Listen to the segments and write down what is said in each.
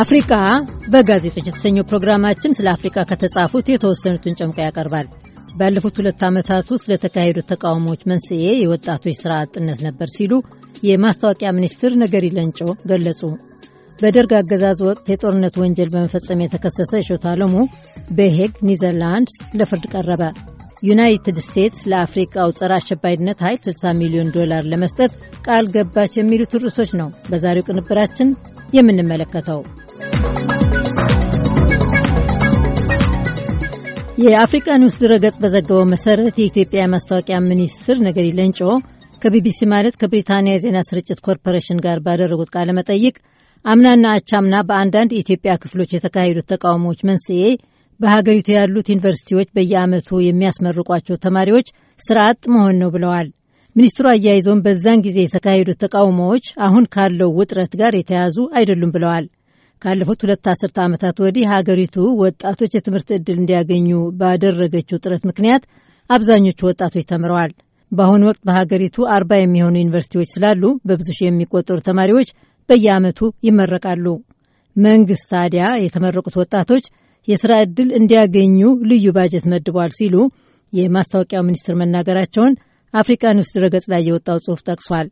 አፍሪካ በጋዜጦች የተሰኘው ፕሮግራማችን ስለ አፍሪካ ከተጻፉት የተወሰኑትን ጨምቆ ያቀርባል። ባለፉት ሁለት ዓመታት ውስጥ ለተካሄዱት ተቃውሞዎች መንስኤ የወጣቶች ሥራ አጥነት ነበር ሲሉ የማስታወቂያ ሚኒስትር ነገሪ ለንጮ ገለጹ። በደርግ አገዛዝ ወቅት የጦርነት ወንጀል በመፈጸም የተከሰሰ እሸቱ አለሙ በሄግ ኒዘርላንድስ ለፍርድ ቀረበ። ዩናይትድ ስቴትስ ለአፍሪካው ጸረ አሸባሪነት ኃይል 60 ሚሊዮን ዶላር ለመስጠት ቃል ገባች። የሚሉት ርዕሶች ነው በዛሬው ቅንብራችን የምንመለከተው። የአፍሪቃ ኒውስ ድረገጽ በዘገበው መሰረት የኢትዮጵያ የማስታወቂያ ሚኒስትር ነገሪ ለንጮ ከቢቢሲ ማለት ከብሪታንያ የዜና ስርጭት ኮርፖሬሽን ጋር ባደረጉት ቃለ መጠይቅ አምናና አቻምና በአንዳንድ የኢትዮጵያ ክፍሎች የተካሄዱት ተቃውሞዎች መንስኤ በሀገሪቱ ያሉት ዩኒቨርሲቲዎች በየዓመቱ የሚያስመርቋቸው ተማሪዎች ስራ አጥ መሆን ነው ብለዋል። ሚኒስትሩ አያይዘውም በዛን ጊዜ የተካሄዱት ተቃውሞዎች አሁን ካለው ውጥረት ጋር የተያያዙ አይደሉም ብለዋል። ካለፉት ሁለት አስርተ ዓመታት ወዲህ ሀገሪቱ ወጣቶች የትምህርት ዕድል እንዲያገኙ ባደረገችው ጥረት ምክንያት አብዛኞቹ ወጣቶች ተምረዋል። በአሁኑ ወቅት በሀገሪቱ አርባ የሚሆኑ ዩኒቨርሲቲዎች ስላሉ በብዙ ሺህ የሚቆጠሩ ተማሪዎች በየዓመቱ ይመረቃሉ። መንግስት ታዲያ የተመረቁት ወጣቶች የሥራ ዕድል እንዲያገኙ ልዩ ባጀት መድቧል ሲሉ የማስታወቂያው ሚኒስትር መናገራቸውን አፍሪካ ኒውስ ድረገጽ ላይ የወጣው ጽሑፍ ጠቅሷል።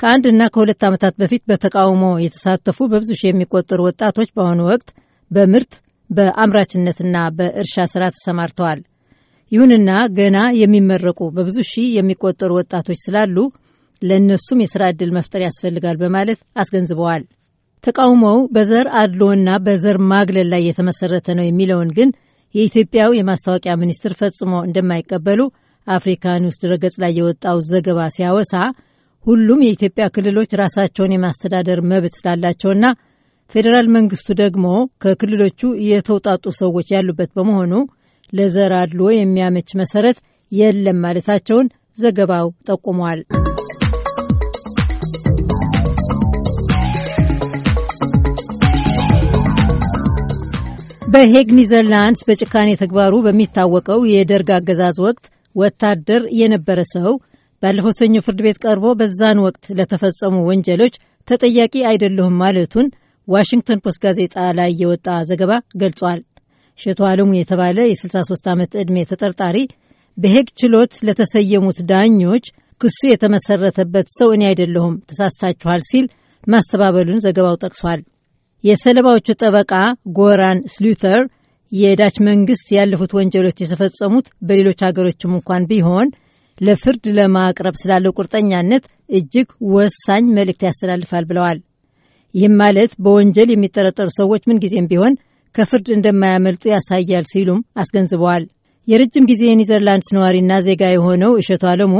ከአንድና ከሁለት ዓመታት በፊት በተቃውሞ የተሳተፉ በብዙ ሺህ የሚቆጠሩ ወጣቶች በአሁኑ ወቅት በምርት በአምራችነትና በእርሻ ስራ ተሰማርተዋል። ይሁንና ገና የሚመረቁ በብዙ ሺህ የሚቆጠሩ ወጣቶች ስላሉ ለእነሱም የሥራ ዕድል መፍጠር ያስፈልጋል በማለት አስገንዝበዋል። ተቃውሞው በዘር አድሎና በዘር ማግለል ላይ የተመሰረተ ነው የሚለውን ግን የኢትዮጵያው የማስታወቂያ ሚኒስትር ፈጽሞ እንደማይቀበሉ አፍሪካ ኒውስ ድረገጽ ላይ የወጣው ዘገባ ሲያወሳ ሁሉም የኢትዮጵያ ክልሎች ራሳቸውን የማስተዳደር መብት ስላላቸውና ፌዴራል መንግስቱ ደግሞ ከክልሎቹ የተውጣጡ ሰዎች ያሉበት በመሆኑ ለዘር አድልዎ የሚያመች መሰረት የለም ማለታቸውን ዘገባው ጠቁሟል። በሄግ ኒዘርላንድስ በጭካኔ ተግባሩ በሚታወቀው የደርግ አገዛዝ ወቅት ወታደር የነበረ ሰው ባለፈው ሰኞ ፍርድ ቤት ቀርቦ በዛን ወቅት ለተፈጸሙ ወንጀሎች ተጠያቂ አይደለሁም ማለቱን ዋሽንግተን ፖስት ጋዜጣ ላይ የወጣ ዘገባ ገልጿል። ሸቶ አለሙ የተባለ የ63 ዓመት ዕድሜ ተጠርጣሪ በሄግ ችሎት ለተሰየሙት ዳኞች ክሱ የተመሰረተበት ሰው እኔ አይደለሁም ተሳስታችኋል ሲል ማስተባበሉን ዘገባው ጠቅሷል። የሰለባዎቹ ጠበቃ ጎራን ስሉተር የዳች መንግስት ያለፉት ወንጀሎች የተፈጸሙት በሌሎች ሀገሮችም እንኳን ቢሆን ለፍርድ ለማቅረብ ስላለው ቁርጠኛነት እጅግ ወሳኝ መልእክት ያስተላልፋል ብለዋል። ይህም ማለት በወንጀል የሚጠረጠሩ ሰዎች ምንጊዜም ቢሆን ከፍርድ እንደማያመልጡ ያሳያል ሲሉም አስገንዝበዋል። የረጅም ጊዜ የኒዘርላንድስ ነዋሪና ዜጋ የሆነው እሸቱ አለሙ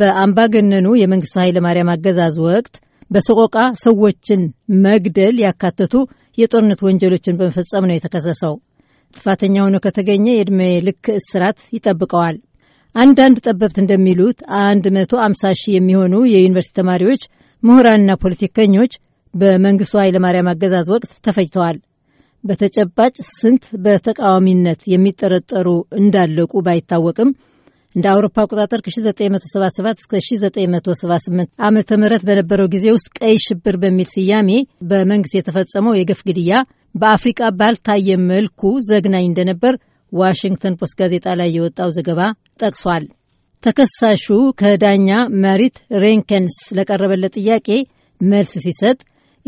በአምባገነኑ የመንግስቱ ኃይለማርያም አገዛዝ ወቅት በሰቆቃ ሰዎችን መግደል ያካተቱ የጦርነት ወንጀሎችን በመፈጸም ነው የተከሰሰው። ጥፋተኛ ሆኖ ከተገኘ የዕድሜ ልክ እስራት ይጠብቀዋል። አንዳንድ ጠበብት እንደሚሉት 150 ሺህ የሚሆኑ የዩኒቨርሲቲ ተማሪዎች ምሁራንና ፖለቲከኞች በመንግስቱ ኃይለማርያም አገዛዝ ወቅት ተፈጅተዋል። በተጨባጭ ስንት በተቃዋሚነት የሚጠረጠሩ እንዳለቁ ባይታወቅም እንደ አውሮፓ አቆጣጠር ከ1977 እስከ 1978 ዓ ም በነበረው ጊዜ ውስጥ ቀይ ሽብር በሚል ስያሜ በመንግስት የተፈጸመው የገፍ ግድያ በአፍሪቃ ባልታየ መልኩ ዘግናኝ እንደነበር ዋሽንግተን ፖስት ጋዜጣ ላይ የወጣው ዘገባ ጠቅሷል። ተከሳሹ ከዳኛ መሪት ሬንከንስ ለቀረበለት ጥያቄ መልስ ሲሰጥ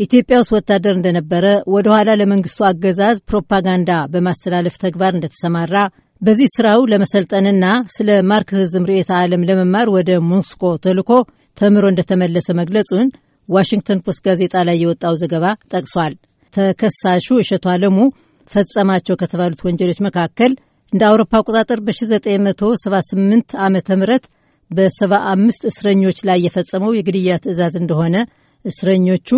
ኢትዮጵያ ውስጥ ወታደር እንደነበረ፣ ወደ ኋላ ለመንግስቱ አገዛዝ ፕሮፓጋንዳ በማስተላለፍ ተግባር እንደተሰማራ፣ በዚህ ስራው ለመሰልጠንና ስለ ማርክሲዝም ርዕዮተ ዓለም ለመማር ወደ ሞስኮ ተልኮ ተምሮ እንደተመለሰ መግለጹን ዋሽንግተን ፖስት ጋዜጣ ላይ የወጣው ዘገባ ጠቅሷል። ተከሳሹ እሸቱ አለሙ ፈጸማቸው ከተባሉት ወንጀሎች መካከል እንደ አውሮፓ አቆጣጠር በ1978 ዓ ም በ75 እስረኞች ላይ የፈጸመው የግድያ ትዕዛዝ እንደሆነ እስረኞቹ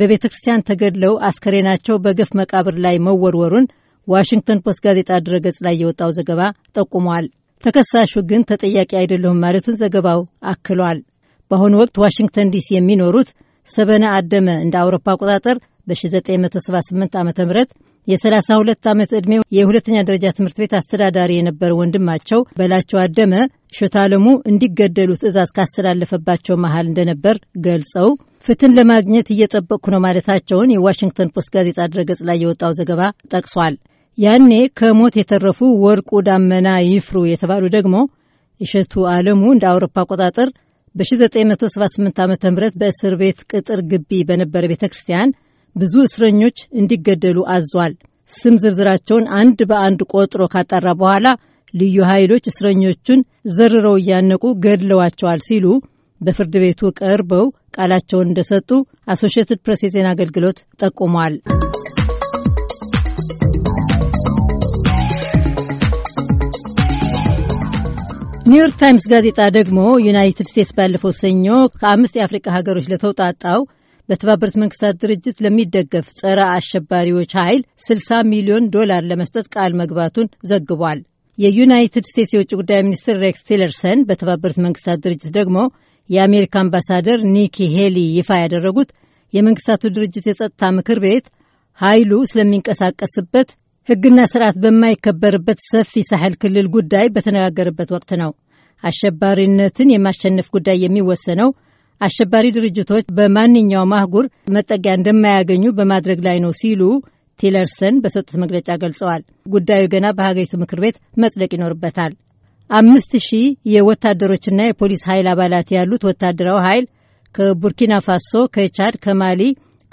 በቤተ ክርስቲያን ተገድለው አስከሬናቸው በገፍ መቃብር ላይ መወርወሩን ዋሽንግተን ፖስት ጋዜጣ ድረገጽ ላይ የወጣው ዘገባ ጠቁሟል። ተከሳሹ ግን ተጠያቂ አይደለሁም ማለቱን ዘገባው አክሏል። በአሁኑ ወቅት ዋሽንግተን ዲሲ የሚኖሩት ሰበነ አደመ እንደ አውሮፓ አቆጣጠር በ1978 ዓ ም የ32 ዓመት ዕድሜ የሁለተኛ ደረጃ ትምህርት ቤት አስተዳዳሪ የነበረ ወንድማቸው በላቸው አደመ እሸቱ አለሙ እንዲገደሉ ትዕዛዝ ካስተላለፈባቸው መሃል እንደነበር ገልጸው ፍትህን ለማግኘት እየጠበቅኩ ነው ማለታቸውን የዋሽንግተን ፖስት ጋዜጣ ድረገጽ ላይ የወጣው ዘገባ ጠቅሷል። ያኔ ከሞት የተረፉ ወርቁ ዳመና ይፍሩ የተባሉ ደግሞ እሸቱ አለሙ እንደ አውሮፓ አቆጣጠር በ1978 ዓ ም በእስር ቤት ቅጥር ግቢ በነበረ ቤተ ክርስቲያን ብዙ እስረኞች እንዲገደሉ አዟል። ስም ዝርዝራቸውን አንድ በአንድ ቆጥሮ ካጠራ በኋላ ልዩ ኃይሎች እስረኞቹን ዘርረው እያነቁ ገድለዋቸዋል ሲሉ በፍርድ ቤቱ ቀርበው ቃላቸውን እንደሰጡ አሶሺየትድ ፕሬስ የዜና አገልግሎት ጠቁሟል። ኒውዮርክ ታይምስ ጋዜጣ ደግሞ ዩናይትድ ስቴትስ ባለፈው ሰኞ ከአምስት የአፍሪካ ሀገሮች ለተውጣጣው በተባበሩት መንግስታት ድርጅት ለሚደገፍ ጸረ አሸባሪዎች ኃይል 60 ሚሊዮን ዶላር ለመስጠት ቃል መግባቱን ዘግቧል። የዩናይትድ ስቴትስ የውጭ ጉዳይ ሚኒስትር ሬክስ ቲለርሰን በተባበሩት መንግስታት ድርጅት ደግሞ የአሜሪካ አምባሳደር ኒኪ ሄሊ ይፋ ያደረጉት የመንግስታቱ ድርጅት የጸጥታ ምክር ቤት ኃይሉ ስለሚንቀሳቀስበት ሕግና ስርዓት በማይከበርበት ሰፊ ሳህል ክልል ጉዳይ በተነጋገረበት ወቅት ነው። አሸባሪነትን የማሸነፍ ጉዳይ የሚወሰነው አሸባሪ ድርጅቶች በማንኛውም አህጉር መጠጊያ እንደማያገኙ በማድረግ ላይ ነው ሲሉ ቲለርሰን በሰጡት መግለጫ ገልጸዋል። ጉዳዩ ገና በሀገሪቱ ምክር ቤት መጽደቅ ይኖርበታል። አምስት ሺህ የወታደሮችና የፖሊስ ኃይል አባላት ያሉት ወታደራዊ ኃይል ከቡርኪና ፋሶ፣ ከቻድ፣ ከማሊ፣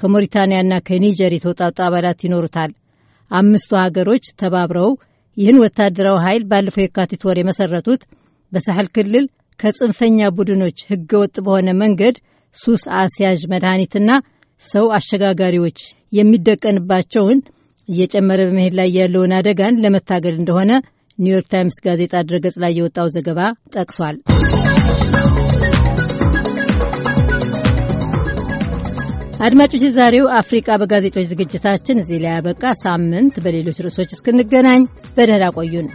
ከሞሪታንያና ከኒጀር የተውጣጡ አባላት ይኖሩታል። አምስቱ ሀገሮች ተባብረው ይህን ወታደራዊ ኃይል ባለፈው የካቲት ወር የመሰረቱት በሳሐል ክልል ከጽንፈኛ ቡድኖች ህገወጥ በሆነ መንገድ ሱስ አስያዥ መድኃኒትና ሰው አሸጋጋሪዎች የሚደቀንባቸውን እየጨመረ በመሄድ ላይ ያለውን አደጋን ለመታገል እንደሆነ ኒውዮርክ ታይምስ ጋዜጣ ድረገጽ ላይ የወጣው ዘገባ ጠቅሷል። አድማጮች፣ የዛሬው አፍሪቃ በጋዜጦች ዝግጅታችን እዚህ ላይ ያበቃ። ሳምንት በሌሎች ርዕሶች እስክንገናኝ በደህና ቆዩን።